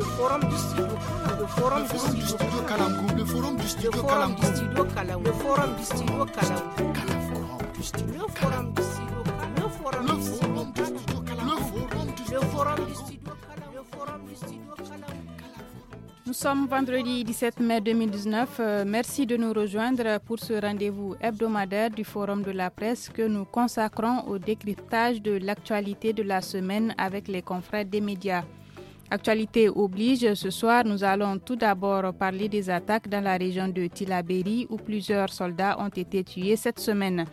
le forum du studio le forum du studio nous sommes vendredi 17 mai 2019. merci de nous rejoindre pour ce rendez-vous hebdomadaire du Forum de la presse que nous consacrons au décryptage de l'actualité de la semaine avec les confrères des médias. Actualité oblige, ce soir, nous allons tout d'abord parler des attaques dans la région de Tilaberi où plusieurs soldats ont été tués cette semaine.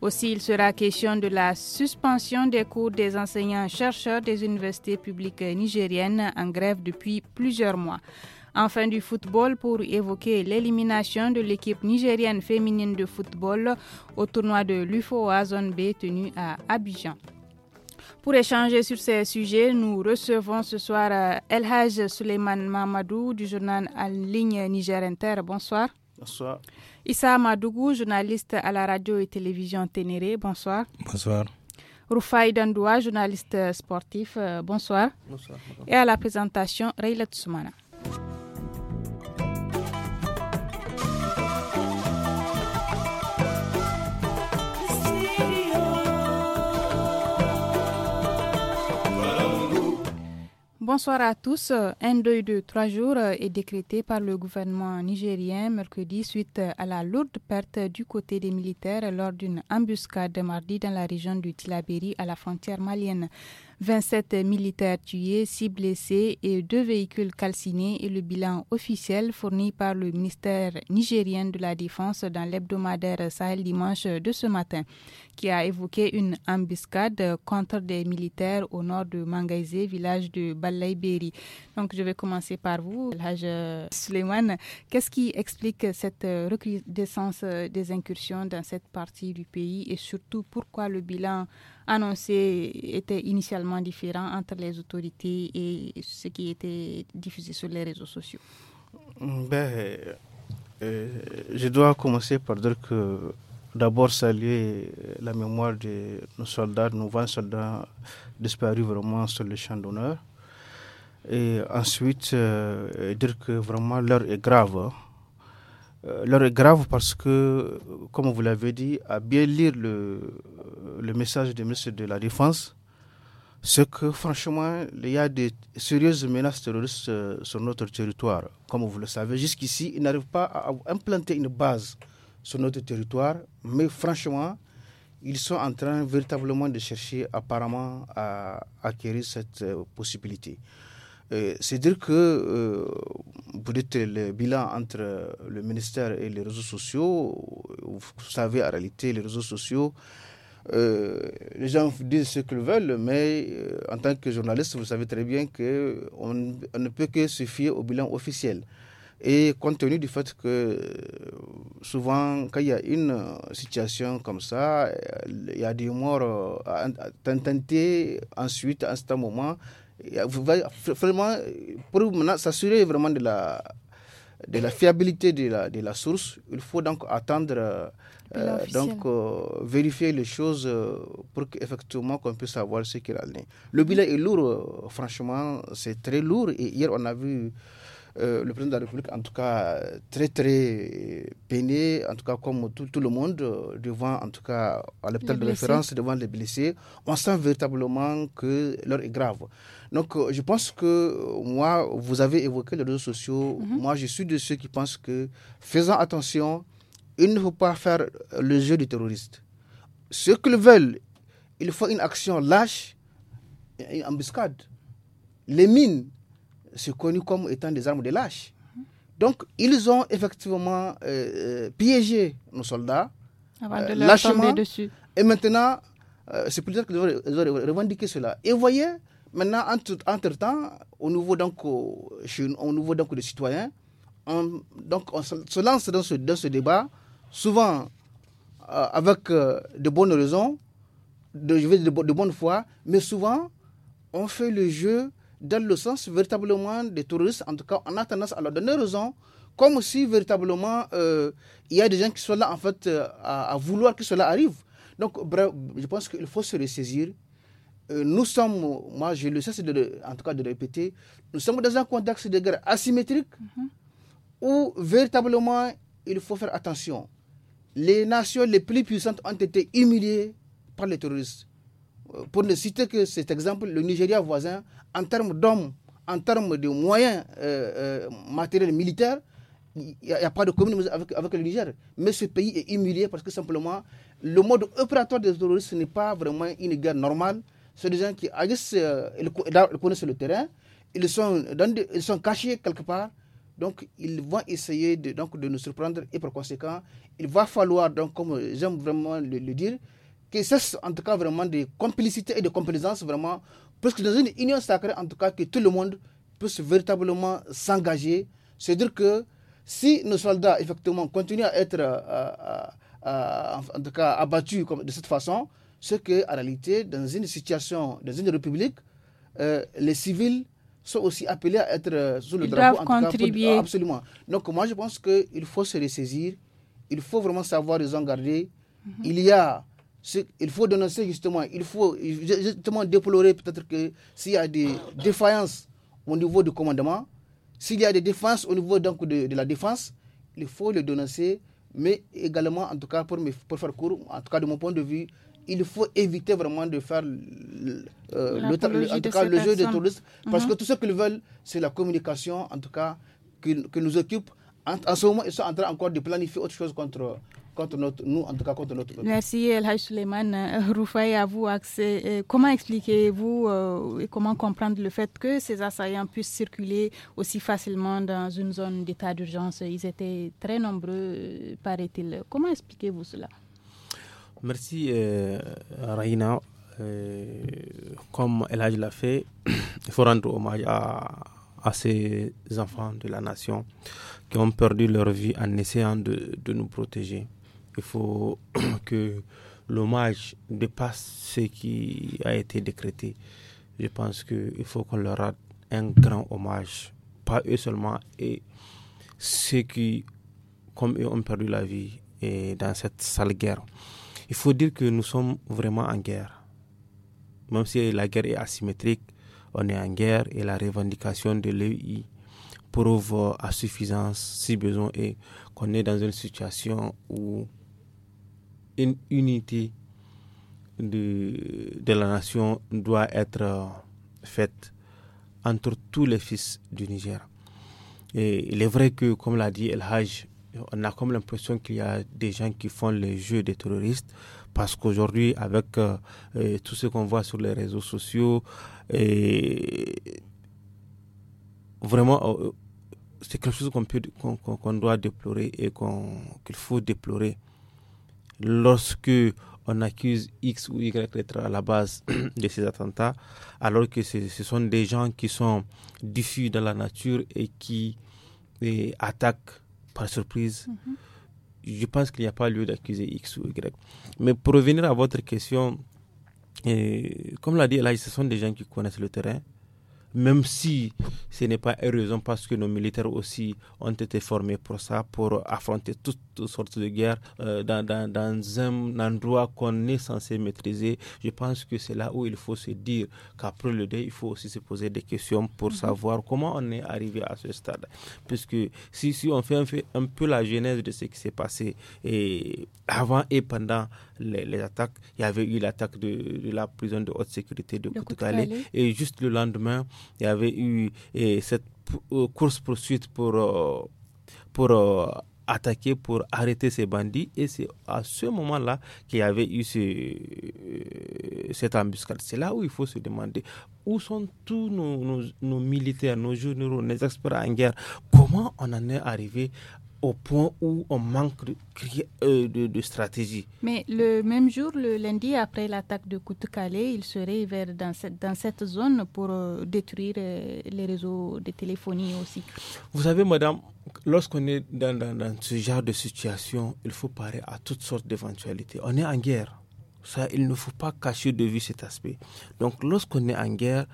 Aussi, il sera question de la suspension des cours des enseignants-chercheurs des universités publiques nigériennes en grève depuis plusieurs mois. Enfin du football pour évoquer l'élimination de l'équipe nigérienne féminine de football au tournoi de l'UFOA Zone B tenu à Abidjan. Pour échanger sur ces sujets, nous recevons ce soir euh, Elhaj Suleiman Mamadou du journal en ligne Niger Inter. Bonsoir. Bonsoir. Issa Madougou, journaliste à la radio et télévision Ténéré. Bonsoir. Bonsoir. Rufai Dandoua, journaliste sportif. Euh, bonsoir. Bonsoir. Et à la présentation, Rayla Tsoumana. Bonsoir à tous. Un deuil de trois jours est décrété par le gouvernement nigérien mercredi suite à la lourde perte du côté des militaires lors d'une embuscade mardi dans la région du Tilaberi à la frontière malienne. 27 militaires tués, 6 blessés et deux véhicules calcinés est le bilan officiel fourni par le ministère nigérien de la Défense dans l'hebdomadaire Sahel dimanche de ce matin qui a évoqué une embuscade contre des militaires au nord de Mangaizé, village de Balaiberi. Donc je vais commencer par vous, Haj Suleiman. Qu'est-ce qui explique cette recrudescence des incursions dans cette partie du pays et surtout pourquoi le bilan annoncé était initialement différent entre les autorités et ce qui était diffusé sur les réseaux sociaux ben, euh, Je dois commencer par dire que d'abord saluer la mémoire de nos soldats, nos 20 soldats disparus vraiment sur le champ d'honneur. Et ensuite, euh, dire que vraiment l'heure est grave. Hein. Euh, l'heure est grave parce que, comme vous l'avez dit, à bien lire le, message du ministre de la Défense, c'est que franchement, il y a des sérieuses menaces terroristes euh, sur notre territoire. Comme vous le savez, jusqu'ici, ils n'arrivent pas à implanter une base sur notre territoire. Mais franchement, ils sont en train véritablement de chercher apparemment à acquérir cette euh, possibilité. Euh, c'est dire que euh, vous être le bilan entre le ministère et les réseaux sociaux, vous savez en réalité les réseaux sociaux, les gens disent ce qu'ils veulent, mais en tant que journaliste, vous savez très bien qu'on on ne peut que se fier au bilan officiel. Et compte tenu du fait que euh, souvent, quand il y a une euh, situation comme ça, euh, il y a des morts tentées ensuite, à un certain moment, vraiment, pour s'assurer vraiment de la, de la fiabilité de la, de la source, il faut donc attendre, donc vérifier les choses pour qu'effectivement qu'on puisse savoir ce qu'il en est. Le bilan est lourd, franchement, c'est très lourd. Et hier, on a vu euh, le président de la République, en tout cas, très, très peiné, en tout cas, comme tout, le monde, euh, devant, en tout cas, à l'hôpital de référence, devant les blessés. On sent véritablement que l'heure est grave. Donc, euh, je pense que moi, vous avez évoqué les réseaux sociaux. Mhm. Moi, je suis de ceux qui pensent que, faisant attention, il ne faut pas faire le jeu du terroriste. Ceux le veulent, il faut une action lâche, une embuscade. Les mines, se connu comme étant des armes de lâche. Donc, ils ont effectivement euh, euh, piégé nos soldats Avant de euh, leur lâchement. Dessus. Et maintenant, c'est plus que qu'ils ont, revendiqué cela. Et vous voyez, maintenant, entre-temps, au niveau, donc, au donc, des citoyens, on, donc, se lance dans ce, débat, souvent avec de bonnes raisons, je vais de, de, bonne foi, mais souvent, on fait le jeu dans le sens véritablement des touristes. En tout cas, en à leur donner raison, comme si véritablement euh, il y a des gens qui sont là en fait euh, à, vouloir que cela arrive. Donc, bref, je pense qu'il faut se ressaisir. Euh, nous sommes, moi j'ai le cesse de, en tout cas de répéter, nous sommes dans un contexte de guerre asymétrique mhm. où véritablement il faut faire attention. Les nations les plus puissantes ont été humiliées par les terroristes pour ne citer que cet exemple, le Nigeria voisin, en termes d'hommes, en termes de moyens euh, euh matériels militaires, il n'y a, pas de communisme avec, le Niger. Mais ce pays est humilié parce que simplement, le mode opératoire des terroristes n'est pas vraiment une guerre normale. sont des gens qui agissent, euh, ils, connaissent le terrain, ils sont, sont cachés quelque part. Donc, ils vont essayer de, donc, de nous surprendre et par conséquent, il va falloir, donc, comme j'aime vraiment le dire, qui cesse en tout cas vraiment de complicité et de complaisance vraiment, parce que dans une union sacrée en tout cas que tout le monde puisse véritablement s'engager, c'est-à-dire que si nos soldats effectivement continuent à être euh, euh, euh, en tout cas abattus comme, de cette façon, c'est qu'en réalité dans une situation, dans une république, les civils sont aussi appelés à être sous le Ils drapeau. Doivent en contribuer. Tout cas, ah, absolument. Donc moi je pense qu'il faut se ressaisir, il faut vraiment savoir les en garder. Mhm. Il y a il faut dénoncer justement, il faut justement déplorer peut-être que s'il y a des défaillances au niveau du commandement, s'il y a des défenses au niveau donc de, la défense, il faut le dénoncer, mais également, en tout cas, pour, me, faire court, en tout cas de mon point de vue, il faut éviter vraiment de faire euh, le, jeu des touristes, parce mhm. que tout ce qu'ils veulent, c'est la communication, en tout cas, qui, nous occupe. En, en, ce moment, ils sont en train encore de planifier autre chose contre, contre nous, en tout cas contre notre Merci El Haj Suleiman. Euh, Roufaï, à vous accès. Euh, comment expliquez-vous euh, et comment comprendre le fait que ces assaillants puissent circuler aussi facilement dans une zone d'état d'urgence Ils étaient très nombreux, paraît-il. Comment expliquez-vous cela Merci euh, Raina. comme El Hajj l'a fait, il faut rendre hommage à, à ces enfants de la nation qui ont perdu leur vie en essayant de nous protéger. Il faut que l'hommage dépasse ce qui a été décrété. Je pense qu'il faut qu'on leur rende un grand hommage, pas eux seulement, et ceux qui, comme eux, ont perdu la vie et dans cette sale guerre. Il faut dire que nous sommes vraiment en guerre. Même si la guerre est asymétrique, on est en guerre et la revendication de l'EI prouve à suffisance, si besoin est, qu'on est dans une situation où une unité de, la nation doit être euh, faite entre tous les fils du Niger. Et il est vrai que, comme l'a dit El Hajj, on a comme l'impression qu'il y a des gens qui font le jeu des terroristes parce qu'aujourd'hui, avec euh, euh, tout ce qu'on voit sur les réseaux sociaux, et vraiment, c'est quelque chose qu'on doit déplorer et qu'il faut déplorer lorsque on accuse X ou Y d'être à la base de ces attentats, alors que ce, sont des gens qui sont diffus dans la nature et qui attaquent par surprise. Mhm. Je pense qu'il n'y a pas lieu d'accuser X ou Y. Mais pour revenir à votre question, comme l'a dit là, ce sont des gens qui connaissent le terrain, même si ce n'est pas heureusement parce que nos militaires aussi ont été formés pour ça, pour affronter toute toutes sortes de guerre euh, dans, dans, un endroit qu'on est censé maîtriser. Je pense que c'est là où il faut se dire qu'après le dé, il faut aussi se poser des questions pour mhm. savoir comment on est arrivé à ce stade. Puisque si, si on fait un, peu la genèse de ce qui s'est passé et avant et pendant les, attaques, il y avait eu l'attaque de, la prison de haute sécurité de Côte-Calais et juste le lendemain, il y avait eu cette euh, course poursuite pour, euh, pour attaquer pour arrêter ces bandits. Et c'est à ce moment-là qu'il y avait eu ce, euh, cette embuscade. C'est là où il faut se demander où sont tous nos, nos, nos militaires, nos généraux, nos experts en guerre. Comment on en est arrivé au point où on manque euh, de, de, stratégie. Mais le même jour, le lundi, après l'attaque de Koutoukale, il serait vers dans cette, dans cette zone pour euh, détruire euh, les réseaux de téléphonie aussi. Vous savez, madame, lorsqu'on est dans, dans, ce genre de situation, il faut parer à toutes sortes d'éventualités. On est en guerre. Ça, il ne faut pas cacher de vue cet aspect. Donc, lorsqu'on est en guerre,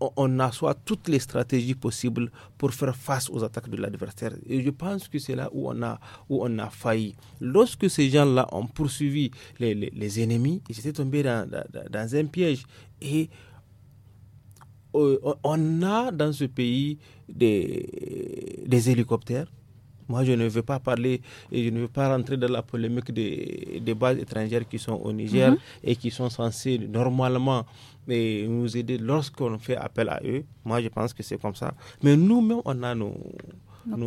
on assoit toutes les stratégies possibles pour faire face aux attaques de l'adversaire. Et je pense que c'est là où on a, où on a failli. Lorsque ces gens-là ont poursuivi les, les, ennemis, ils étaient tombés dans, un piège. Et euh, on a dans ce pays des hélicoptères moi, je ne veux pas parler et je ne veux pas rentrer dans la polémique des, bases étrangères qui sont au Niger mhm. et qui sont censées normalement eh, nous aider lorsqu'on fait appel à eux. Moi, je pense que c'est comme ça. Mais nous-mêmes, on a nos, nos,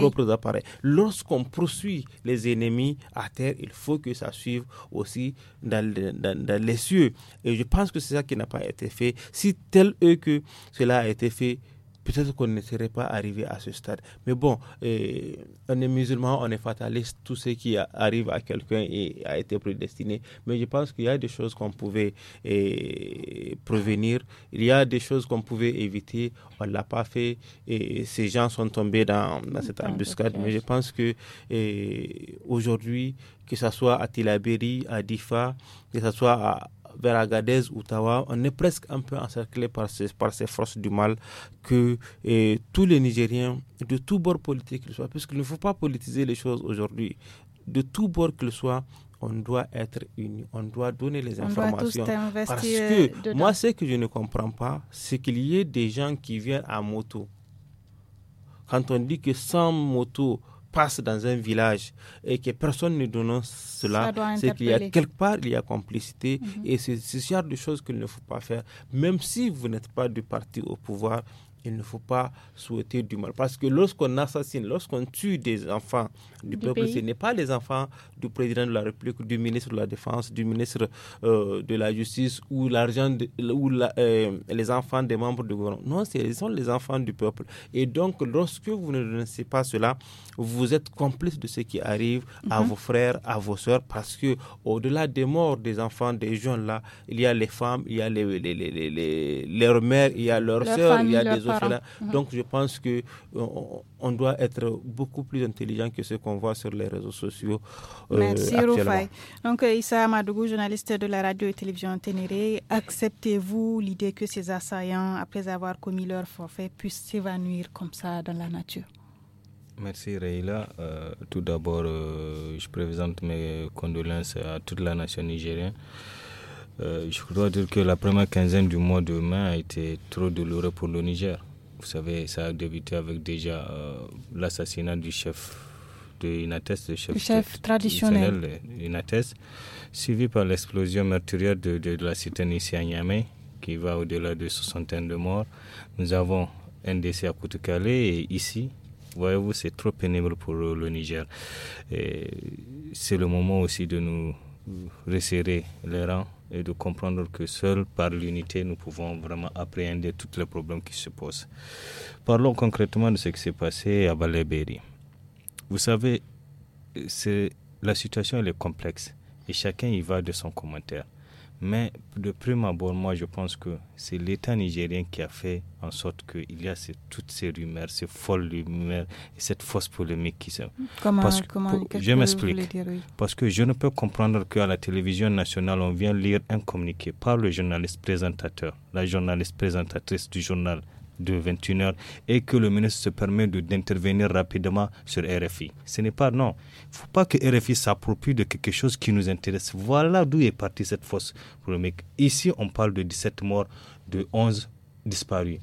propres appareils. Lorsqu'on poursuit les ennemis à terre, il faut que ça suive aussi dans, dans les cieux. Et je pense que c'est ça qui n'a pas été fait. Si tel est que cela a été fait, peut-être qu'on ne serait pas arrivé à ce stade. Mais bon, euh, on est musulman, on est fataliste, tout ce qui arrive à quelqu'un a été prédestiné. Mais je pense qu'il y a des choses qu'on pouvait euh, prévenir, il y a des choses qu'on pouvait éviter, on ne l'a pas fait, et ces gens sont tombés dans, cette embuscade. Mais je pense que euh, aujourd'hui, que ce soit à Tilaberi, à Difa, que ce soit à vers Agadez, Tawa, on est presque un peu encerclé par ces, par ces forces du mal que eh, tous les Nigériens, de tout bord politique qu'ils soient, puisqu'il ne faut pas politiser les choses aujourd'hui, de bord que qu'ils soit on doit être unis, on doit donner les on informations. Doit parce que moi, ce que je ne comprends pas, c'est qu'il y ait des gens qui viennent à moto. Quand on dit que sans moto, passe dans un village et que personne ne donne cela, c'est qu'il y a quelque part, il y a complicité mhm. et c'est ce genre de choses qu'il ne faut pas faire. Même si vous n'êtes pas du parti au pouvoir, il ne faut pas souhaiter du mal. Parce que lorsqu'on assassine, lorsqu'on tue des enfants du, peuple, ce n'est pas les enfants du président de la République, du ministre de la Défense, du ministre euh, de la Justice ou, l'argent ou euh, les enfants des membres du gouvernement. Non, ce sont les enfants du peuple. Et donc, lorsque vous ne renoncez pas cela, vous êtes complice de ce qui arrive à mhm. vos frères, à vos soeurs, parce que au-delà des morts des enfants, des jeunes là, il y a les femmes, il y a les, les, les, les leurs mères, il y a leurs, sœurs, soeurs, il y a des Mhm. Donc je pense que euh, on, doit être beaucoup plus intelligent que ce qu'on voit sur les réseaux sociaux. Euh, actuellement. Merci Rufai. Donc euh, Issa Madougou, journaliste de la radio et télévision Ténéré, acceptez-vous l'idée que ces assaillants, après avoir commis leur forfait, puissent s'évanouir comme ça dans la nature? Merci Reila. tout d'abord, je présente mes condoléances à toute la nation nigérienne. Euh, je crois dire que la première quinzaine du mois de mai a été trop douloureuse pour le Niger. Vous savez, ça a débuté avec déjà euh, l'assassinat du chef de Inates, le chef, chef traditionnel Inates, suivi par l'explosion meurtrière de, la cité ici à Niamey, qui va au-delà de soixantaine de morts. Nous avons un décès à Koutoukale et ici, voyez-vous, c'est trop pénible pour le Niger. C'est le moment aussi de nous resserrer les rangs et de comprendre que seul par l'unité, nous pouvons vraiment appréhender tous les problèmes qui se posent. Parlons concrètement de ce qui s'est passé à Balébéry. Vous savez, c'est, la situation elle est complexe et chacun y va de son commentaire. Mais de prime abord, moi je pense que c'est l'État nigérien qui a fait en sorte qu'il y a toutes ces rumeurs, ces folles rumeurs et cette fausse polémique qui Comment, que, je m'explique. Parce que je ne peux comprendre qu'à la télévision nationale, on vient lire un communiqué par le journaliste présentateur, la journaliste présentatrice du journal de 21h et que le ministre se permet d'intervenir rapidement sur RFI. Ce n'est pas non. Il ne faut pas que RFI s'approprie de quelque chose qui nous intéresse. Voilà d'où est partie cette fausse polémique. Ici, on parle de 17 morts, de 11 disparus.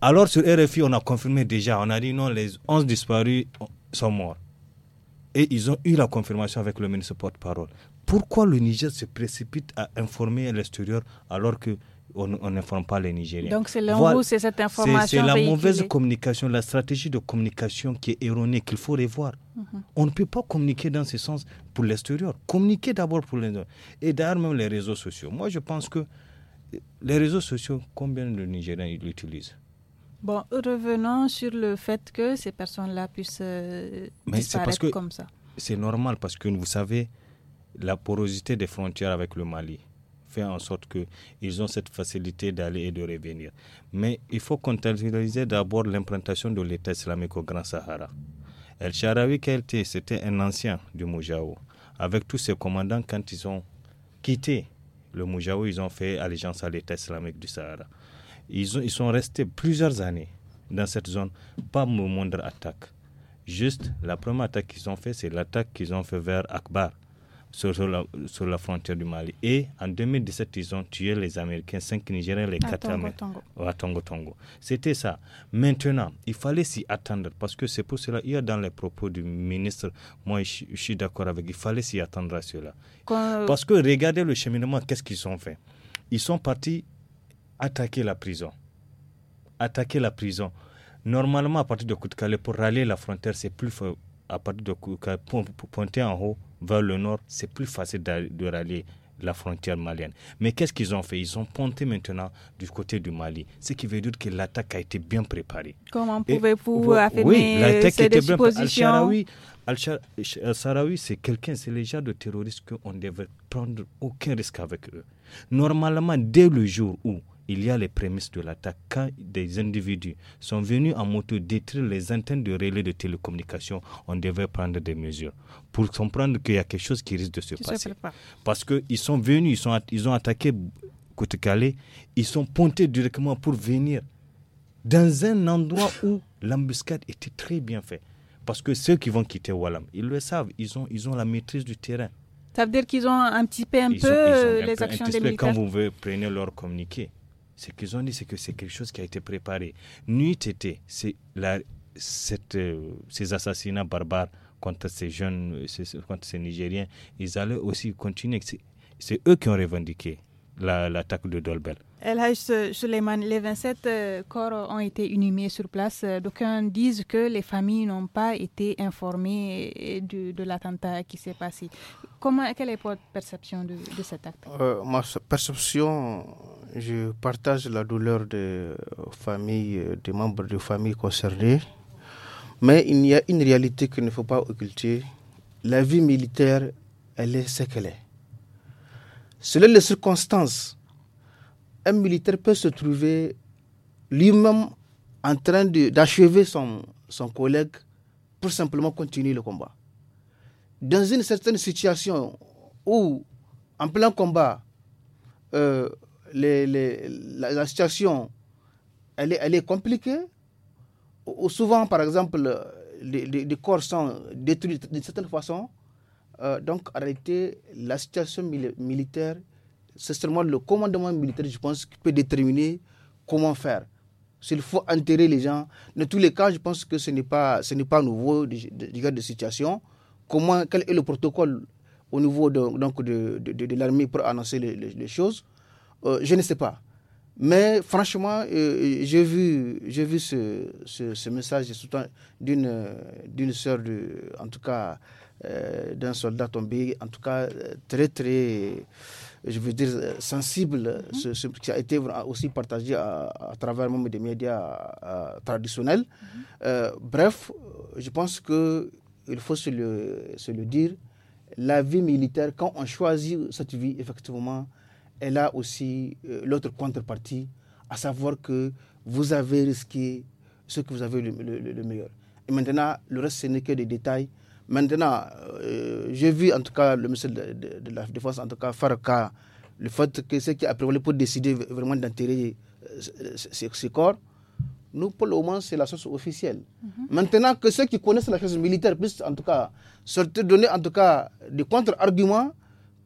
Alors sur RFI, on a confirmé déjà, on a dit non, les 11 disparus sont morts. Et ils ont eu la confirmation avec le ministre porte-parole. Pourquoi le Niger se précipite à informer l'extérieur alors que on n'informe pas les Nigériens. Donc c'est voilà, c'est cette information C'est la mauvaise communication, la stratégie de communication qui est erronée, qu'il faut revoir. Mhm. On ne peut pas communiquer dans ce sens pour l'extérieur. Communiquer d'abord pour l'intérieur. Et d'ailleurs, même les réseaux sociaux. Moi, je pense que les réseaux sociaux, combien de Nigériens l'utilisent Bon, revenons sur le fait que ces personnes-là puissent euh, Mais disparaître parce que comme ça. C'est normal parce que vous savez, la porosité des frontières avec le Mali, en sorte que ils ont cette facilité d'aller et de revenir. Mais il faut contextualiser d'abord l'implantation de l'État islamique au Grand Sahara. El-Sharawi Kelté, c'était un ancien du moujaou Avec tous ses commandants, quand ils ont quitté le moujaou ils ont fait allégeance à l'État islamique du Sahara. Ils, ont, ils sont restés plusieurs années dans cette zone, pas moindre attaque. Juste, la première attaque qu'ils ont fait, c'est l'attaque qu'ils ont fait vers Akbar, sur, la, frontière du Mali. Et en 2017, ils ont tué les Américains, 5 Nigériens, les 4 Américains. À Tongo Tongo. C'était ça. Maintenant, il fallait s'y attendre parce que c'est pour cela, il y a dans les propos du ministre, moi je, suis d'accord avec, il fallait s'y attendre à cela. Euh, parce que regardez le cheminement, qu'est-ce qu'ils ont fait Ils sont partis attaquer la prison. Attaquer la prison. Normalement, à partir de Koutkale, pour rallier la frontière, c'est plus fort à partir de Koutkale, pour pointer en haut vers le nord, c'est plus facile de rallier la frontière malienne. Mais qu'est-ce qu'ils ont fait Ils ont ponté maintenant du côté du Mali, ce qui veut dire que l'attaque a été bien préparée. Comment pouvez-vous affirmer oui, l'attaque bien Al-Sarawi, c'est quelqu'un, c'est les gens de terroristes qu'on ne devait prendre aucun risque avec eux. Normalement, dès le jour où il y a les prémices de l'attaque. Quand des individus sont venus en moto détruire les antennes de relais de télécommunication, on devait prendre des mesures pour comprendre qu'il y a quelque chose qui risque de se passer. Parce qu'ils sont venus, ils, ont attaqué Côte-Calais, ils sont pontés directement pour venir dans un endroit où l'embuscade était très bien faite. Parce que ceux qui vont quitter Wallam, ils le savent, ils ont, la maîtrise du terrain. Ça veut dire qu'ils ont un petit peu les actions des militaires. Quand vous prenez leur communiqué, ce qu'ils ont dit, c'est que c'est quelque chose qui a été préparé. Nuit été, c'est euh, ces assassinats barbares contre ces jeunes, euh, contre ces Nigériens, ils allaient aussi continuer. C'est eux qui ont revendiqué l'attaque de Dolbel. El Suleiman, les 27 euh, corps ont été inhumés sur place. D'aucuns disent que les familles n'ont pas été informées de, l'attentat qui s'est passé. Comment, quelle est votre perception de, cet acte Ma perception, je partage la douleur des familles, euh, des membres de familles concernés. Mais il y a une réalité qu'il ne faut pas occulter. La vie militaire, elle est ce qu'elle est. Selon les circonstances, un militaire peut se trouver lui-même en train d'achever son, collègue pour simplement continuer le combat. Dans une certaine situation où, en plein combat, euh, les, la, situation, elle est, elle est compliquée. Ou souvent, par exemple, les, corps sont détruits d'une certaine façon. Euh, donc, en réalité, la situation militaire, c'est seulement le commandement militaire, je pense, qui peut déterminer comment faire. S'il faut enterrer les gens, dans tous les cas, je pense que ce n'est pas, ce pas nouveau du regard de, de, situation. Comment, quel est le protocole au niveau de, donc de, de, l'armée pour annoncer les choses euh, je ne sais pas. Mais franchement, euh, euh, j'ai vu, j'ai vu ce, ce, ce message d'une, d'une sœur, de, en tout cas, d'un soldat tombé, en tout cas, très, très, je veux dire, sensible, mhm. ce, qui a été aussi partagé à, travers même des médias traditionnels. Mhm. bref, je pense qu'il faut le, se le dire, la vie militaire, quand on choisit cette vie, effectivement, elle a aussi euh, l'autre contrepartie, à savoir que vous avez risqué ce que vous avez le, meilleur. Et maintenant, le reste, ce n'est que des détails. Maintenant, euh, j'ai vu en tout cas le monsieur de, la Défense, en tout cas Farka, le fait que ce qui a prévalu pour décider vraiment d'enterrer euh, ces, corps, nous, pour le moment, c'est la source officielle. Mhm. Maintenant que ceux qui connaissent la crise militaire puissent, en tout cas, se donner, en tout cas, des contre-arguments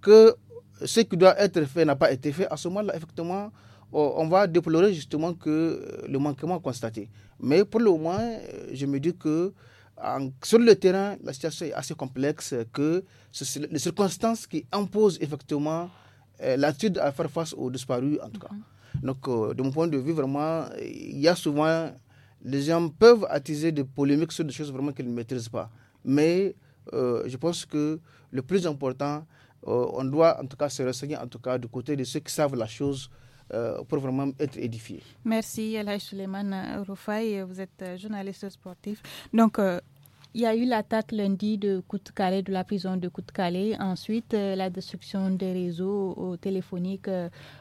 que ce qui doit être fait n'a pas été fait, à ce moment-là, effectivement, on va déplorer justement que euh, le manquement constaté. Mais pour le moins, euh, je me dis que sur le terrain, la situation est assez complexe, que sont les circonstances qui imposent effectivement euh, l'attitude à faire face aux disparus, en tout cas. Mm-hmm. Donc, de mon point de vue, vraiment, il y a souvent, les gens peuvent attiser des polémiques sur des choses vraiment qu'ils ne maîtrisent pas. Mais je pense que le plus important, euh, on doit en tout cas se renseigner en tout cas du côté de ceux qui savent la chose euh, pour vraiment être édifié. Merci Suleiman euh, Roufaï, vous êtes journaliste sportif. Donc il y a eu l'attaque lundi de de la prison de côte calais Ensuite, la destruction des réseaux téléphoniques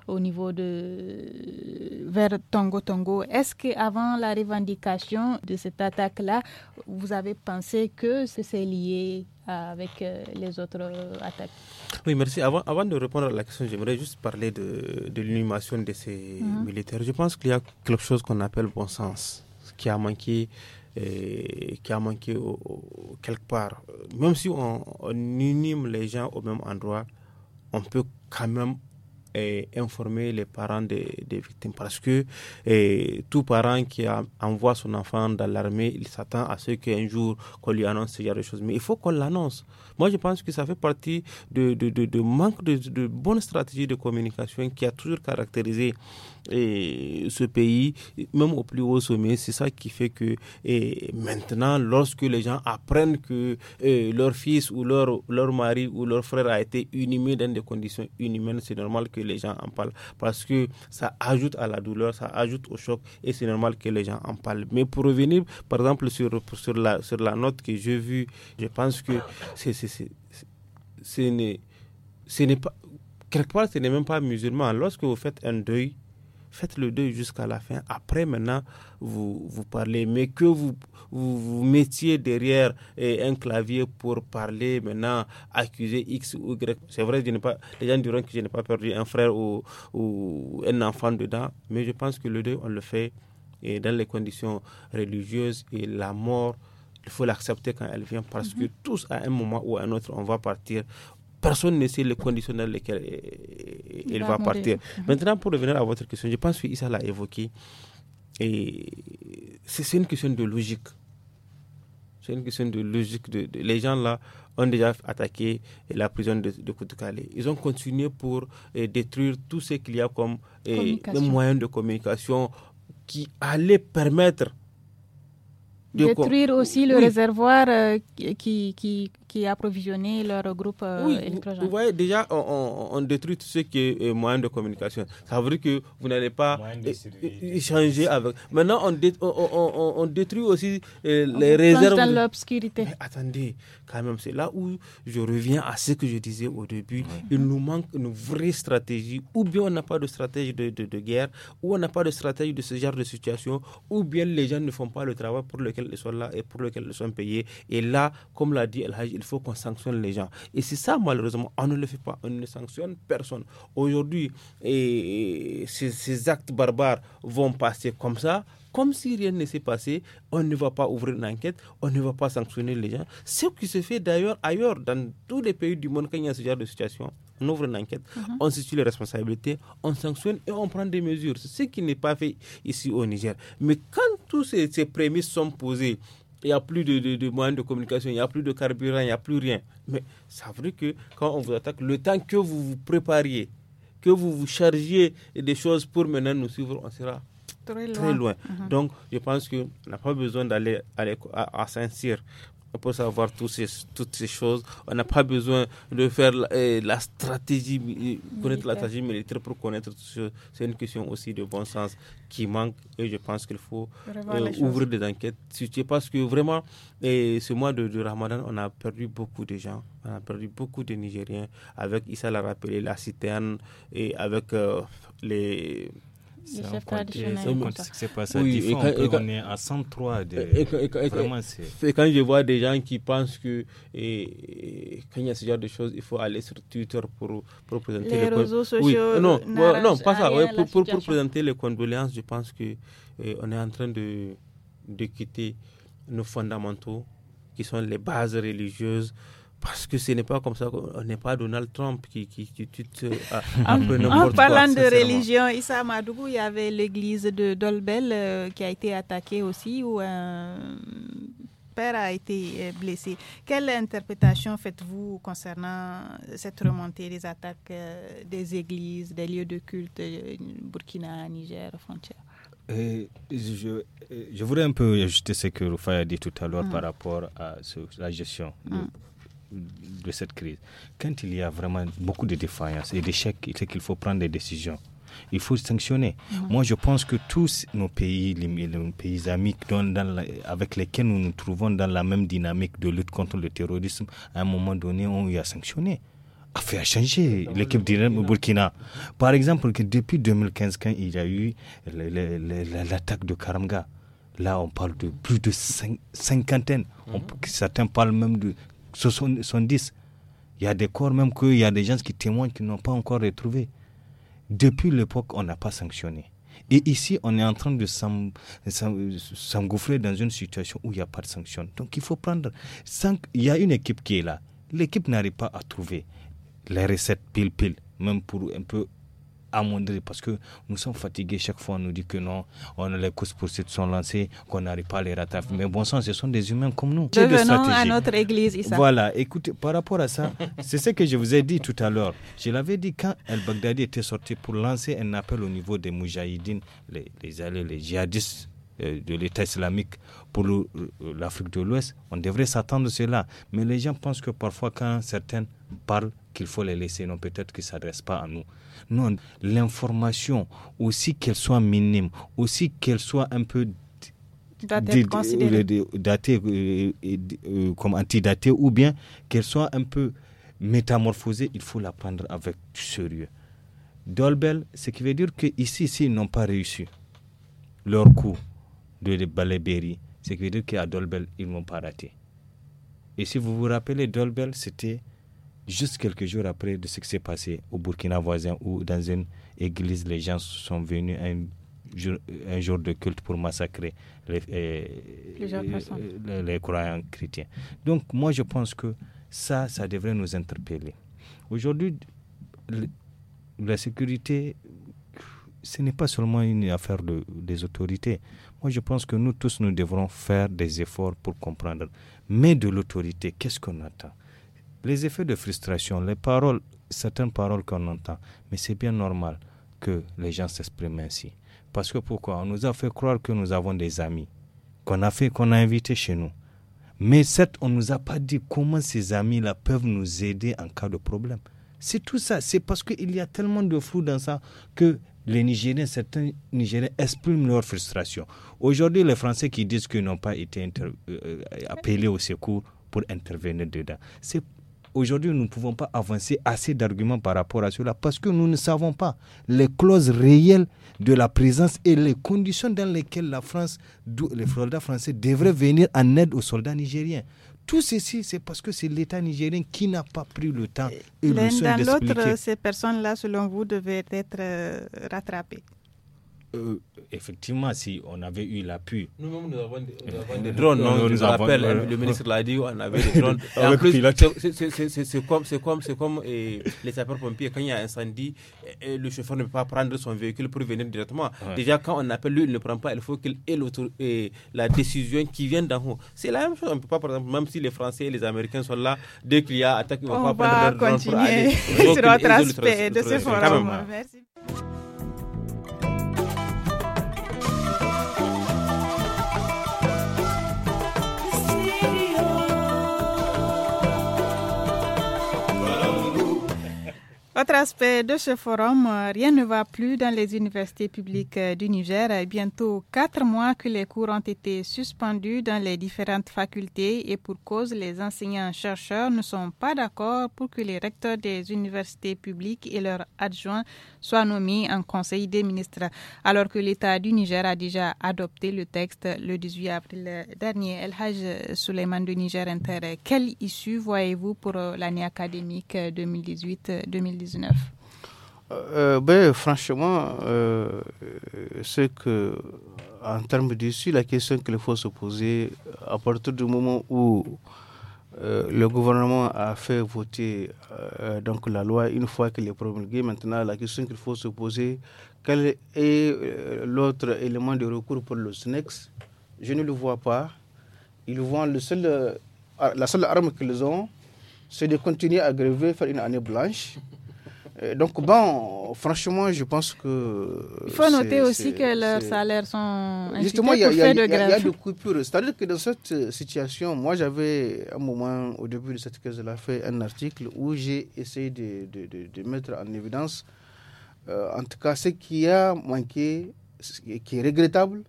au niveau de vers Tongo Tongo. Est-ce qu'avant la revendication de cette attaque-là, vous avez pensé que c'était lié euh, avec euh, les autres attaques. Oui, merci. Avant, avant de répondre à la question, j'aimerais juste parler de, de l'inhumation de ces mhm. militaires. Je pense qu'il y a quelque chose qu'on appelle bon sens, qui a manqué euh, qui a manqué quelque part. Même si on, on, unime les gens au même endroit, on peut quand même et informer les parents des, victimes parce que tout parent qui a, envoie son enfant dans l'armée, il s'attend à ce qu'un jour qu'on lui annonce ce genre de choses. Mais il faut qu'on l'annonce. Moi, je pense que ça fait partie de, de, manque de, de bonne stratégie de communication qui a toujours caractérisé et ce pays, même au plus haut sommet. C'est ça qui fait que et maintenant, lorsque les gens apprennent que euh, leur fils ou leur, leur mari ou leur frère a été inhumé dans des conditions inhumaines, c'est normal que les gens en parlent parce que ça ajoute à la douleur, ça ajoute au choc et c'est normal que les gens en parlent. Mais pour revenir, par exemple, sur, sur, la, sur la note que j'ai vue, je pense que c'est, ce n'est pas quelque part, ce n'est même pas musulman. Lorsque vous faites un deuil, faites le deuil jusqu'à la fin. Après, maintenant, vous, vous parlez. Mais que vous, vous, mettiez derrière eh, un clavier pour parler, maintenant, accuser X ou Y. C'est vrai, je pas, les gens diront que je n'ai pas perdu un frère ou, un enfant dedans. Mais je pense que le 2, on le fait et eh, dans les conditions religieuses et la mort. Il faut l'accepter quand elle vient parce mhm. que tous, à un moment ou à un autre, on va partir, personne ne sait le conditionnel dans lesquelles euh, il, va, partir. Mhm. Maintenant, pour revenir à votre question, je pense que Issa l'a évoqué. c'est une question de logique. C'est une question de logique. De, les gens là ont déjà attaqué la prison de, de Koutoukale. Ils ont continué pour euh, détruire tout ce qu'il y a comme eh, moyens de communication qui allait permettre de détruire aussi le réservoir euh, qui qui approvisionnaient leur groupe euh, oui, Vous voyez, déjà, on, détruit tout ce qui est euh, moyen de communication. Ça veut dire que vous n'allez pas euh, échanger avec. Maintenant, on, on détruit aussi les réserves. dans l'obscurité. attendez, quand même, c'est là où je reviens à ce que je disais au début. Il nous manque une vraie stratégie. Ou bien on n'a pas de stratégie de, de, guerre, ou on n'a pas de stratégie de ce genre de situation, ou bien les gens ne font pas le travail pour lequel ils sont là et pour lequel ils sont payés. Et là, comme l'a dit El il faut qu'on sanctionne les gens. Et c'est ça, malheureusement, on ne le fait pas, on ne sanctionne personne. Aujourd'hui, ces, actes barbares vont passer comme ça comme si rien ne s'est passé, on ne va pas ouvrir une enquête, on ne va pas sanctionner les gens. Ce qui se fait d'ailleurs ailleurs, dans tous les pays du monde, quand il y a ce genre de situation, on ouvre une enquête, mhm. on situe les responsabilités, on sanctionne et on prend des mesures. ce qui n'est pas fait ici au Niger. Mais quand toutes ces, ces prémices sont posées, il n'y a plus de, de, moyens de communication, il n'y a plus de carburant, il n'y a plus rien. Mais ça veut dire que quand on vous attaque, le temps que vous vous prépariez, que vous vous chargiez des choses pour maintenant nous suivre, on sera très loin. Mhm. Donc, je pense qu'on n'a pas besoin d'aller à, à Saint-Cyr on peut savoir toutes ces, toutes ces choses. On n'a pas besoin de faire la, eh, stratégie, eh, connaître la stratégie militaire pour connaître tout ce, C'est une question aussi de bon sens qui manque et je pense qu'il faut euh, ouvrir des enquêtes. Parce que vraiment, eh, ce mois de, Ramadan, on a perdu beaucoup de gens. On a perdu beaucoup de Nigériens avec, Issa l'a rappelé, la citerne et avec euh, les c'est pas ça. est à 103. De, c'est quand je vois des gens qui pensent que quand il y a ce genre de choses, il faut aller sur Twitter pour, présenter les, les réseaux Non, non, pas ça. Ah, pour, présenter les condoléances, je pense que on est en train de, de quitter nos fondamentaux qui sont les bases religieuses parce que ce n'est pas comme ça qu'on n'est pas Donald Trump qui, qui, euh, un peu n'importe En parlant de religion, Issa Madougou, il y avait l'église de Dolbel euh, qui a été attaquée aussi, où un père a été euh, blessé. Quelle interprétation faites-vous concernant cette remontée des attaques des églises, des lieux de culte, Burkina, Niger, frontières je, voudrais un peu ajouter ce que Rufa a dit tout à l'heure hum. par rapport à la gestion. Hum de cette crise, quand il y a vraiment beaucoup de défaillances et d'échecs, il qu'il faut prendre des décisions. Il faut sanctionner. Moi, je pense que tous nos pays, les, pays amis avec lesquels nous nous trouvons dans la même dynamique de lutte contre le terrorisme, à un moment donné, ont eu à sanctionner a fait changer l'équipe d'Iran au Burkina. Par exemple, que depuis 2015, quand il y a eu l'attaque de Karamga, là on parle de plus de cinquantaine, mhm. certains parlent même de 70. Il y a des corps même qu'il y a des gens qui témoignent qui n'ont pas encore retrouvé. Depuis l'époque, on n'a pas sanctionné. Et ici, on est en train de s'engouffrer dans une situation où il n'y a pas de sanction. Donc il faut prendre... Il y a une équipe qui est là. L'équipe n'arrive pas à trouver les recettes pile-pile, même pour un peu amoindri parce que nous sommes fatigués chaque fois on nous dit que non on a les courses poursuites sont lancées qu'on n'arrive pas à les rattraper mais bon sang ce sont des humains comme nous devenons à notre église voilà écoutez par rapport à ça c'est ce que je vous ai dit tout à l'heure je l'avais dit quand El Baghdadi était sorti pour lancer un appel au niveau des moujahidines les les, les djihadistes euh, de l'État islamique pour euh, l'Afrique de l'Ouest, on devrait s'attendre à cela. Mais les gens pensent que parfois, quand certains parlent, qu'il faut les laisser. Non, peut-être qu'ils ne s'adressent pas à nous. Non, l'information, aussi qu'elle soit minime, aussi qu'elle soit un peu datée, euh, euh, euh, comme antidatée, ou bien qu'elle soit un peu métamorphosée, il faut la prendre avec sérieux. Dolbel, ce qui veut dire qu'ici, s'ils n'ont pas réussi leur coup de Balébéry, ce qui veut dire qu'à Dolbel, ils vont pas raté. Et si vous vous rappelez, Dolbel, c'était juste quelques jours après de ce qui s'est passé au Burkina voisin ou dans une église, les gens sont venus un jour, de culte pour massacrer euh, euh, euh, les, croyants chrétiens. Donc moi je pense que ça, ça devrait nous interpeller. Aujourd'hui, la sécurité, ce n'est pas seulement une affaire des autorités. Moi, je pense que nous tous, nous devrons faire des efforts pour comprendre. Mais de l'autorité, qu'est-ce qu'on attend les effets de frustration, les paroles, certaines paroles qu'on entend. Mais c'est bien normal que les gens s'expriment ainsi. Parce que pourquoi On nous a fait croire que nous avons des amis, qu'on a fait, qu'on a invité chez nous. Mais certes, on ne nous a pas dit comment ces amis-là peuvent nous aider en cas de problème. C'est tout ça. C'est parce qu'il y a tellement de flou dans ça que les Nigériens, certains Nigériens expriment leur frustration. Aujourd'hui, les Français qui disent qu'ils n'ont pas été euh, euh, appelés au secours pour intervenir dedans. C'est Aujourd'hui, nous ne pouvons pas avancer assez d'arguments par rapport à cela parce que nous ne savons pas les clauses réelles de la présence et les conditions dans lesquelles la France, les soldats français devraient venir en aide aux soldats nigériens. Tout ceci, c'est parce que c'est l'État nigérien qui n'a pas pris le temps et le soin d'expliquer. dans l'autre, ces personnes-là, selon vous, devaient être euh, rattrapées. Euh, effectivement, si on avait eu l'appui. nous nous avons des, drones, non nous, rappelle, le ministre l'a dit, on avait des drones. en plus, c'est comme, comme, comme les sapeurs-pompiers, quand il y a un incendie, le chauffeur ne peut pas prendre son véhicule pour venir directement. Déjà, quand on appelle lui, il ne prend pas, il faut qu'il ait la décision qui vienne d'en haut. C'est la même chose, on ne peut pas, par exemple, même si les Français et les Américains sont là, dès qu'il y a attaque, ils ne vont pas va prendre leur drone pour sur notre aspect de ce forum. Merci. Autre aspect de ce forum, euh, rien ne va plus dans les universités publiques euh, du Niger. Bientôt quatre mois que les cours ont été suspendus dans les différentes facultés et pour cause, les enseignants-chercheurs ne sont pas d'accord pour que les recteurs des universités publiques et leurs adjoints soient nommés en conseil des ministres, alors que l'État du Niger a déjà adopté le texte le 18 avril dernier. El Hajj Suleiman de Niger Inter, quelle issue voyez-vous pour euh, l'année académique 2018-2019? Euh, euh, ben, Franchement, euh, c'est que, en termes d'issue, la question qu'il faut se poser, à partir du moment où le gouvernement a fait voter donc la loi une fois qu'elle est promulguée, maintenant, la question qu'il faut se poser, quel est l'autre élément de recours pour le SNEX Je ne le vois pas. Ils voient ah, la seule arme qu'ils ont, c'est de continuer à gréver, faire une année blanche. Euh, donc, bon, franchement, je pense que. Il faut noter aussi que leurs salaires sont. Justement, il y, a, des coupures. C'est-à-dire que dans cette situation, moi, j'avais un moment, au début de cette crise-là, fait un article où j'ai essayé de, mettre en évidence, euh, en tout cas, ce qui a manqué, ce qui est regrettable,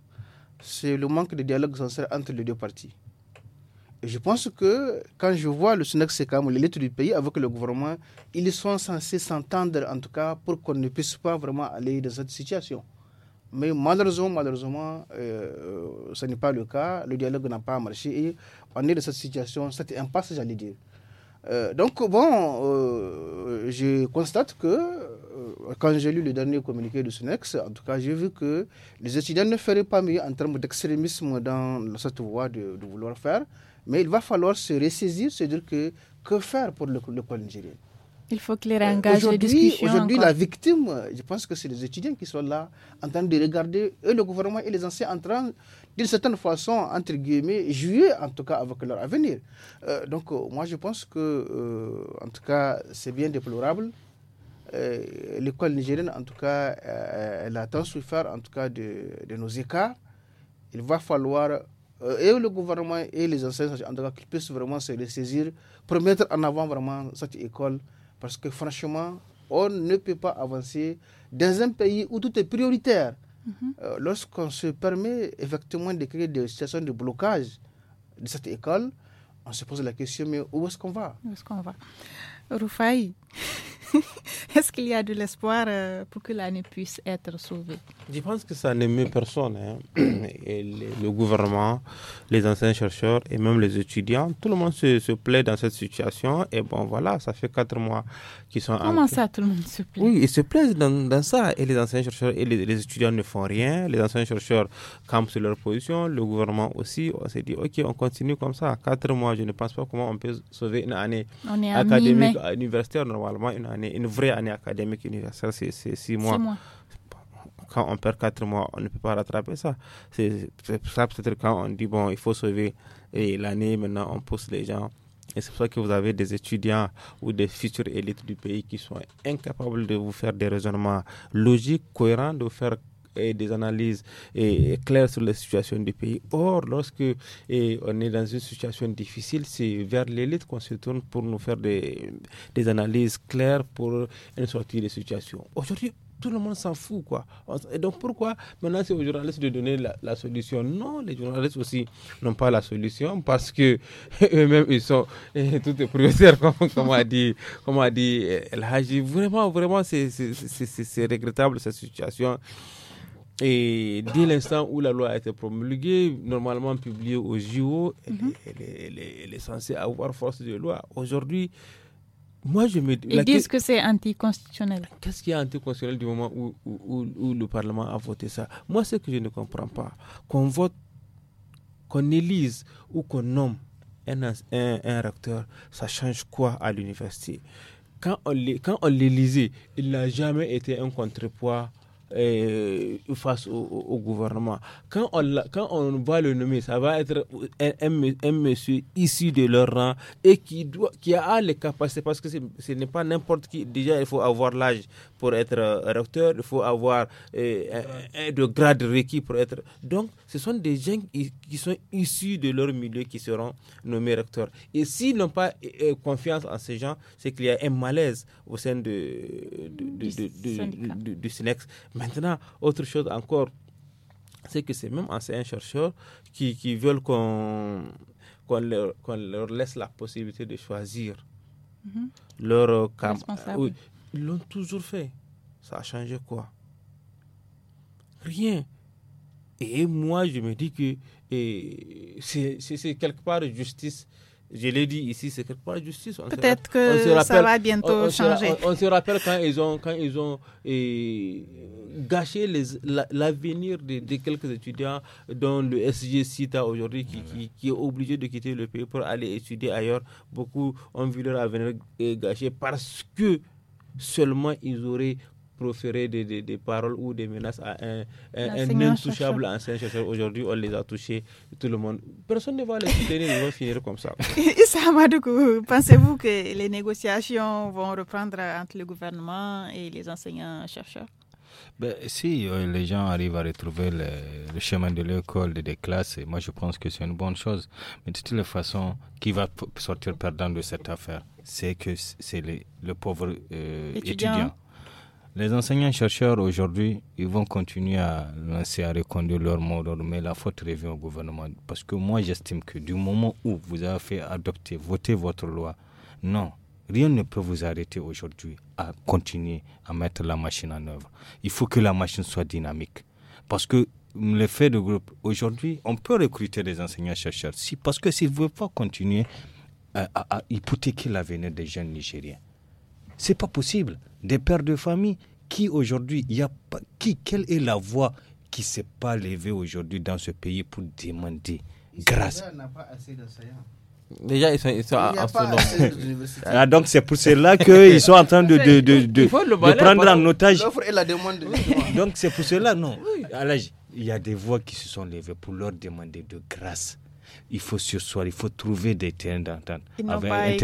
c'est le manque de dialogue sincère entre les deux parties je pense que quand je vois le SUNEX c'est quand du pays avec le gouvernement, ils sont censés s'entendre en tout cas pour qu'on ne puisse pas vraiment aller dans cette situation. Mais malheureusement, malheureusement, euh, ce n'est pas le cas. Le dialogue n'a pas marché et on est dans cette situation, cette impasse, j'allais dire. Euh, donc, bon, euh, je constate que quand j'ai lu le dernier communiqué du SUNEX, en tout cas, j'ai vu que les étudiants ne feraient pas mieux en termes d'extrémisme dans cette voie de vouloir faire. Mais il va falloir se ressaisir, se dire que que faire pour l'école nigérienne il faut que euh, les engager discussion... Aujourd'hui, la victime, je pense que c'est les étudiants qui sont là, en train de regarder, eux, le gouvernement et les anciens, en train, d'une certaine façon, entre guillemets, jouer, en tout cas, avec leur avenir. Euh, donc, euh, moi, je pense que, en tout cas, c'est bien déplorable. L'école nigérienne, en tout cas, elle a tant souffert, en tout cas, de, de nos écarts. Il va falloir euh, et le gouvernement et les enseignants, en tout cas, qu'ils puissent vraiment se les saisir pour mettre en avant vraiment cette école. Parce que franchement, on ne peut pas avancer dans un pays où tout est prioritaire. Mhm. Euh, lorsqu'on se permet effectivement de créer des situations de blocage de cette école, on se pose la question, mais où est-ce qu'on va Où est-ce qu'on va Roufaï Est-ce qu'il y a de l'espoir euh, pour que l'année puisse être sauvée Je pense que ça n'émeut personne. Hein. Et le gouvernement, les anciens chercheurs et même les étudiants, tout le monde se, plaît dans cette situation. Et bon, voilà, ça fait quatre mois qu'ils sont... Comment ça, tout le monde se plaît Oui, ils se plaisent dans, ça. Et les anciens chercheurs et les, étudiants ne font rien. Les anciens chercheurs campent sur leur position. Le gouvernement aussi. On s'est dit, OK, on continue comme ça. Quatre mois, je ne pense pas comment on peut sauver une année on est académique, universitaire, normalement, une année une vraie année académique universelle, c'est six mois. quand on perd quatre mois, on ne peut pas rattraper ça. C'est ça peut-être quand on dit, bon, il faut sauver l'année, maintenant on pousse les gens. Et c'est pour ça que vous avez des étudiants ou des futures élites du pays qui sont incapables de vous faire des raisonnements logiques, cohérents, de vous faire et des analyses et, claires sur la situation du pays. Or, lorsque et on est dans une situation difficile, c'est vers l'élite qu'on se tourne pour nous faire des, des analyses claires pour une sortie des situations. Aujourd'hui, tout le monde s'en fout, quoi. Et donc pourquoi maintenant c'est aux journalistes de donner la, solution Non, les journalistes aussi n'ont pas la solution parce que eux-mêmes ils sont tout est prioritaire, comme, a dit, comme a dit El Haji. Vraiment, vraiment, c'est regrettable cette situation. Et dès l'instant où la loi a été promulguée, normalement publiée au JO, mhm. elle, est censée avoir force de loi. Aujourd'hui, moi je me. Ils disent que, c'est anticonstitutionnel. Qu'est-ce qui est anticonstitutionnel du moment où, le Parlement a voté ça Moi, ce que je ne comprends pas, qu'on vote, qu'on élise ou qu'on nomme un, un, un recteur, ça change quoi à l'université quand on l'élisait, il n'a jamais été un contrepoids euh, face au, gouvernement. Quand on, quand on va le nommer, ça va être un, monsieur issu de leur rang et qui, doit, qui a les capacités, parce que ce n'est pas n'importe qui. Déjà, il faut avoir l'âge pour être euh, recteur, il faut avoir euh, un, de grade requis pour être. Donc, ce sont des gens qui, sont issus de leur milieu qui seront nommés recteurs. Et s'ils n'ont pas confiance en ces gens, c'est qu'il y a un malaise au sein de, du, du, du SINEX. Maintenant, autre chose encore, c'est que c'est même anciens chercheurs qui, qui veulent qu'on leur, laisse la possibilité de choisir mhm. leur euh, camp. ils l'ont toujours fait. Ça a changé quoi Rien. Et moi, je me dis que c'est quelque part de justice je l'ai dit ici, c'est quelque part justice. Peut-être que ça va bientôt changer. on, se rappelle quand ils ont, quand ils ont eh, gâché l'avenir de, quelques étudiants dont le SG CITA aujourd'hui qui, est obligé de quitter le pays pour aller étudier ailleurs. Beaucoup ont vu leur avenir gâché parce que seulement ils auraient proférer des, des, paroles ou des menaces à un, un, intouchable ancien chercheur. Aujourd'hui, on les a touchés, tout le monde. Personne ne va les soutenir, ils vont finir comme ça. Issa Madoukou, pensez-vous que les négociations vont reprendre entre le gouvernement et les enseignants-chercheurs ben, si euh, les gens arrivent à retrouver le, chemin de l'école des classes, moi je pense que c'est une bonne chose. Mais de toute façon, qui va sortir perdant de cette affaire C'est que c'est le pauvre euh, étudiant. Les enseignants-chercheurs aujourd'hui, ils vont continuer à lancer, à reconduire leur mot mais la faute revient au gouvernement. Parce que moi, j'estime que du moment où vous avez fait adopter, voter votre loi, non, rien ne peut vous arrêter aujourd'hui à continuer à mettre la machine en œuvre. Il faut que la machine soit dynamique. Parce que l'effet de groupe, aujourd'hui, on peut recruter des enseignants-chercheurs si, parce que s'ils ne veulent pas continuer à, à hypothéquer l'avenir des jeunes Nigériens. C'est pas possible. Des pères de famille qui aujourd'hui, il y a pas, qui, quelle est la voix qui s'est pas levée aujourd'hui dans ce pays pour demander grâce Déjà, ils sont, ah, donc, c'est pour cela qu'ils sont en train de, de, de, de prendre en otage. donc, c'est pour cela, non. il y a des voix qui se sont levées pour leur demander de grâce il faut sursoir, il faut trouver des terrains d'entente, avec,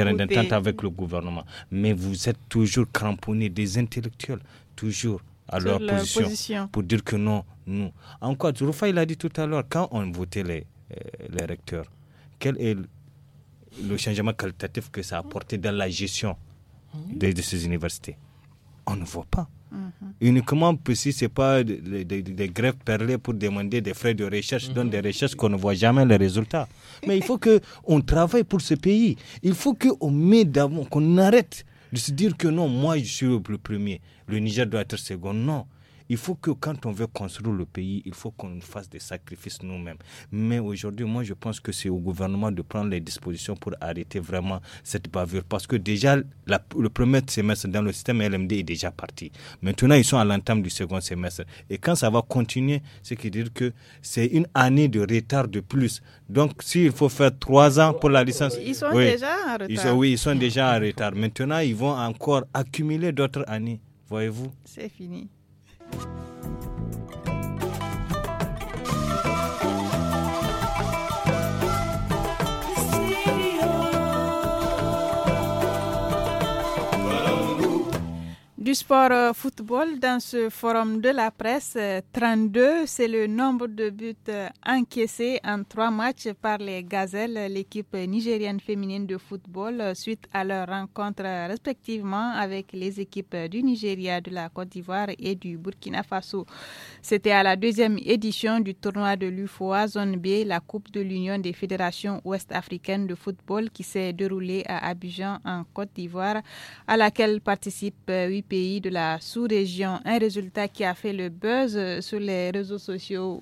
avec le gouvernement. Mais vous êtes toujours cramponnés des intellectuels, toujours à leur, position, pour dire que non, nous. Encore, Zouroufa, il a dit tout à l'heure, quand on votait les, euh, les recteurs, quel est le changement qualitatif que ça a apporté dans la gestion de ces universités On ne voit pas. Mhm. uniquement si ce n'est pas des, grèves perlées pour demander des frais de recherche, dans des mhm. recherches qu'on ne voit jamais les résultats. Mais il faut qu'on travaille pour ce pays. Il faut qu'on d'avant, qu'on arrête de se dire que non, moi je suis le plus premier, le Niger doit être second. Non. Il faut que quand on veut construire le pays, il faut qu'on fasse des sacrifices nous-mêmes. Mais aujourd'hui, moi, je pense que c'est au gouvernement de prendre les dispositions pour arrêter vraiment cette bavure. Parce que déjà, le premier semestre dans le système LMD est déjà parti. Maintenant, ils sont à l'entame du second semestre. Et quand ça va continuer, c'est qui dire que c'est une année de retard de plus. Donc, s'il faut faire trois ans pour la licence. Ils sont déjà en retard. oui, ils sont déjà en retard. Maintenant, ils vont encore accumuler d'autres années. Voyez-vous C'est fini. you. du sport euh, football dans ce forum de la presse. 32, euh, c'est le nombre de buts euh, encaissés en trois matchs par les Gazelles, l'équipe nigérienne féminine de football, suite à leur rencontre respectivement avec les équipes du Nigeria, de la Côte d'Ivoire et du Burkina Faso. C'était à la deuxième édition du tournoi de l'UFOA Zone B, la Coupe de l'Union des fédérations ouest-africaines de football qui s'est déroulée à Abidjan en Côte d'Ivoire, à laquelle participent huit pays de la sous-région. Un résultat qui a fait le buzz euh, sur les réseaux sociaux.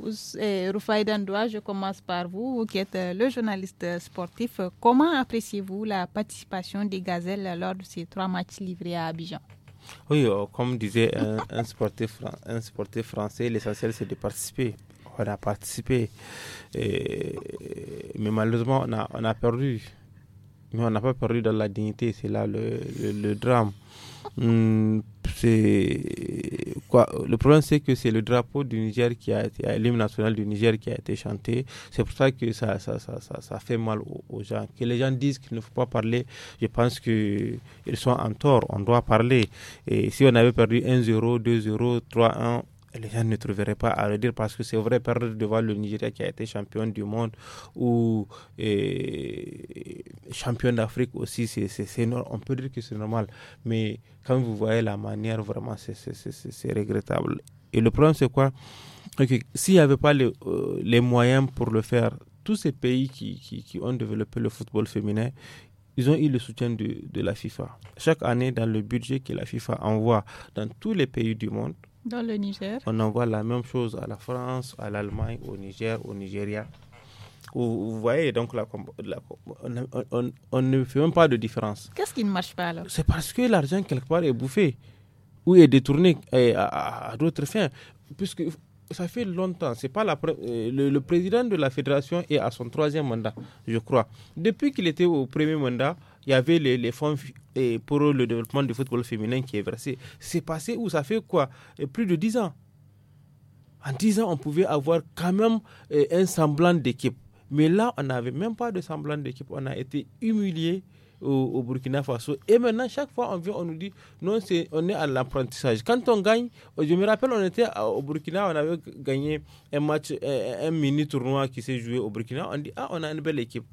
Rufai Dandoua, je commence par vous, vous qui êtes euh, le journaliste sportif. Comment appréciez-vous la participation des gazelles lors de ces trois matchs livrés à Abidjan Oui, euh, comme disait un, sportif, un sportif français, l'essentiel c'est de participer on a participé. Et, mais malheureusement, on a, perdu. Mais on n'a pas perdu dans la dignité. C'est là le drame. Hmm, quoi Le problème, c'est que c'est le drapeau du Niger qui a été, l'hymne national du Niger qui a été chanté. C'est pour ça que ça, ça, fait mal aux, gens. Que les gens disent qu'il ne faut pas parler, je pense qu'ils sont en tort. On doit parler. Et si on avait perdu 1-0, 2-0, 3-1, les gens ne trouveraient pas à le dire parce que c'est vrai, perdre devant le Nigeria qui a été champion du monde ou champion d'Afrique aussi, c'est on peut dire que c'est normal. Mais quand vous voyez la manière, vraiment, c'est regrettable. Et le problème, c'est quoi S'il n'y avait pas euh, les, moyens pour le faire, tous ces pays qui, qui, qui ont développé le football féminin, ils ont eu le soutien de, de, la FIFA. Chaque année, dans le budget que la FIFA envoie dans tous les pays du monde, dans le Niger. On envoie la même chose à la France, à l'Allemagne, au Niger, au Nigeria. Vous, voyez, donc, on, ne fait même pas de différence. Qu'est-ce qui ne marche pas alors C'est parce que l'argent, quelque part, est bouffé ou est détourné à, à, d'autres fins. Puisque ça fait longtemps. C'est pas la euh, le, le, président de la fédération est à son troisième mandat, je crois. Depuis qu'il était au premier mandat, il y avait les, fonds pour le développement du football féminin qui est versé. C'est passé où ça fait quoi Plus de 10 ans. En 10 ans, on pouvait avoir quand même euh, un semblant d'équipe. Mais là, on n'avait même pas de semblant d'équipe. On a été humilié au, Burkina Faso. Et maintenant, chaque fois, on vient, on nous dit, non, c'est, on est à l'apprentissage. Quand on gagne, oh, je me rappelle, on était au Burkina, on avait gagné un match, un mini tournoi qui s'est joué au Burkina. On dit, ah, on a une belle équipe.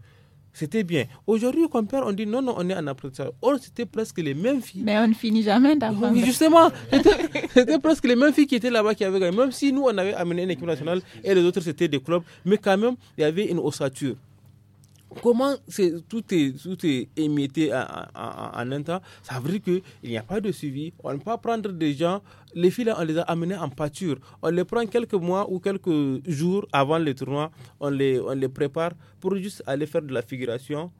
C'était bien. Aujourd'hui, comme père, on dit non, non, on est en apprentissage. Or, c'était presque les mêmes filles. Mais on ne finit jamais d'avoir... justement, c'était presque les mêmes filles qui étaient là-bas qui avaient gagné. Même si nous, on avait amené une équipe nationale et les autres, c'était des clubs. Mais quand même, il y avait une ossature comment tout, est, tout est émetté en, un temps Ça veut dire qu'il n'y a pas de suivi. On ne peut pas prendre des gens, les filles, on les a amenés en pâture. On les prend quelques mois ou quelques jours avant le tournoi, on les, on les prépare pour juste aller faire de la figuration.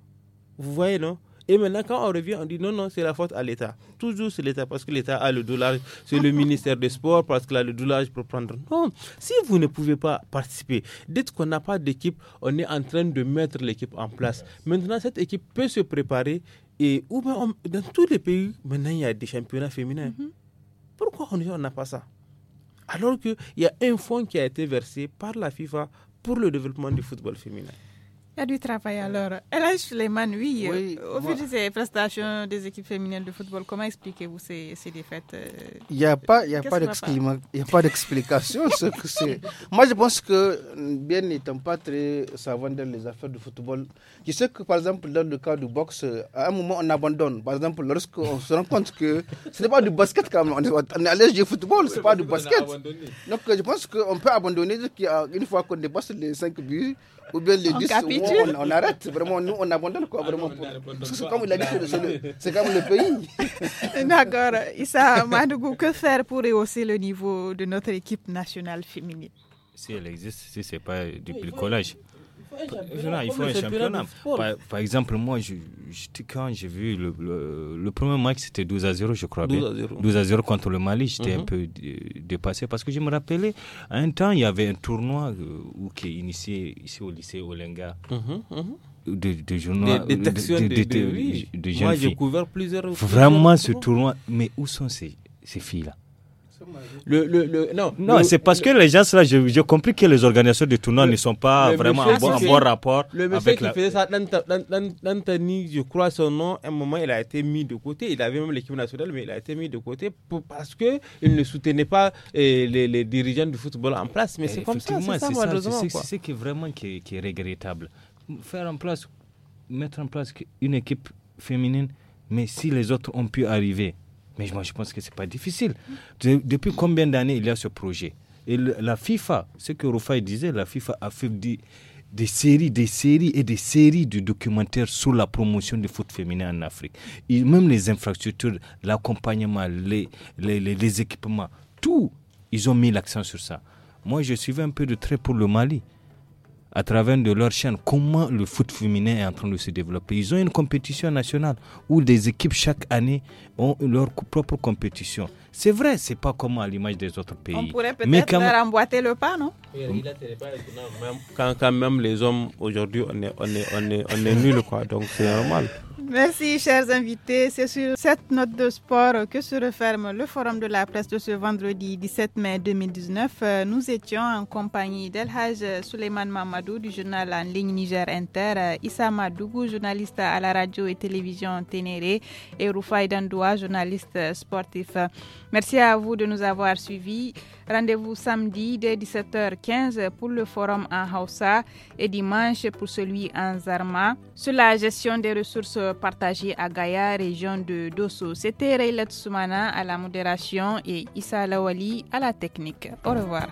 Vous voyez, non et maintenant, quand on revient, on dit non, non, c'est la faute à l'État. Toujours c'est l'État parce que l'État a le doulage. c'est le ministère des Sports parce qu'il a le doulage pour prendre. Non, si vous ne pouvez pas participer, dites qu'on n'a pas d'équipe, on est en train de mettre l'équipe en place. Maintenant, cette équipe peut se préparer et dans tous les pays, maintenant, il y a des championnats féminins. Mhm. Pourquoi on Pourquoi on n'a pas ça Alors qu'il y a un fonds qui a été versé par la FIFA pour le développement du football féminin. Il y a du travail alors. Elle a les oui. au vu de ces prestations des équipes féminines de football, comment expliquez-vous ces, défaites euh, Il n'y a pas, il y a pas d'explication. Moi, je pense que, bien n'étant pas très savant dans les affaires de football, je sais que, par exemple, dans le cas du boxe, à un moment, on abandonne. Par exemple, lorsqu'on se rend compte que ce n'est pas du basket quand même. On est à l'aise du football, ce n'est pas du basket. Donc, je pense qu'on peut abandonner. Une fois qu'on dépasse les 5 buts, ou bien le on, on, arrête. Vraiment, nous, on abandonne quoi. Vraiment, pour... Parce que comme il a dit, c'est comme le pays. D'accord. Issa Madougou, que faire pour rehausser le niveau de notre équipe nationale féminine Si elle existe, si ce n'est pas du bricolage il faut un championnat. Par, exemple, moi, quand j'ai vu le, premier match, c'était 12 à 0, je crois 12 À 0. 12 à 0 contre le Mali, j'étais un mhm. peu dépassé parce que je me rappelais, à un temps, il y avait un tournoi euh, qui est initié ici au lycée Olinga. Mhm, mhm. De, de, de, Moi, j'ai couvert plusieurs. Vraiment, ce tournoi. Mais où sont ces, ces filles-là le, non, c'est parce que les gens, là, j'ai compris que les organisateurs de tournoi ne sont pas vraiment en, bon, rapport. Le monsieur avec faisait ça, je crois son nom, à un moment, il a été mis de côté. Il avait même l'équipe nationale, mais il a été mis de côté pour, parce qu'il ne soutenait pas eh, les, dirigeants du football en place. Mais c'est comme ça, c'est ça, ça C'est ce qui est vraiment qui est regrettable. Faire en place, mettre en place une équipe féminine, mais si les autres ont pu arriver, mais moi, je pense que ce n'est pas difficile. depuis combien d'années il y a ce projet Et la FIFA, ce que Rufai disait, la FIFA a fait des, des, séries, des séries et des séries de documentaires sur la promotion du foot féminin en Afrique. même les infrastructures, l'accompagnement, les, les équipements, tout, ils ont mis l'accent sur ça. Moi, je suivais un peu de trait pour le Mali à travers de leur chaîne comment le foot féminin est en train de se développer. Ils ont une compétition nationale où des équipes chaque année ont leur propre compétition. C'est vrai, c'est pas comme à l'image des autres pays. On pourrait peut-être quand... emboîter le pas, non quand, quand même les hommes, aujourd'hui, on est, on quoi. Donc c'est normal. Merci, chers invités. C'est sur cette note de sport que se referme le Forum de la presse de ce vendredi 17 mai 2019. Euh, nous étions en compagnie d'Elhaj Suleiman Mamadou du journal en ligne Niger Inter, euh, Issa Madougou, journaliste à la radio et télévision Ténéré, et Rufai Dandoua, journaliste sportif. Merci à vous de nous avoir suivis. Rendez-vous samedi dès 17h15 pour le forum en Hausa et dimanche pour celui en Zarma sur la gestion des ressources partagées à Gaïa, région de Dosso. C'était Raylet Soumana à la modération et Issa Lawali à la technique. Au revoir.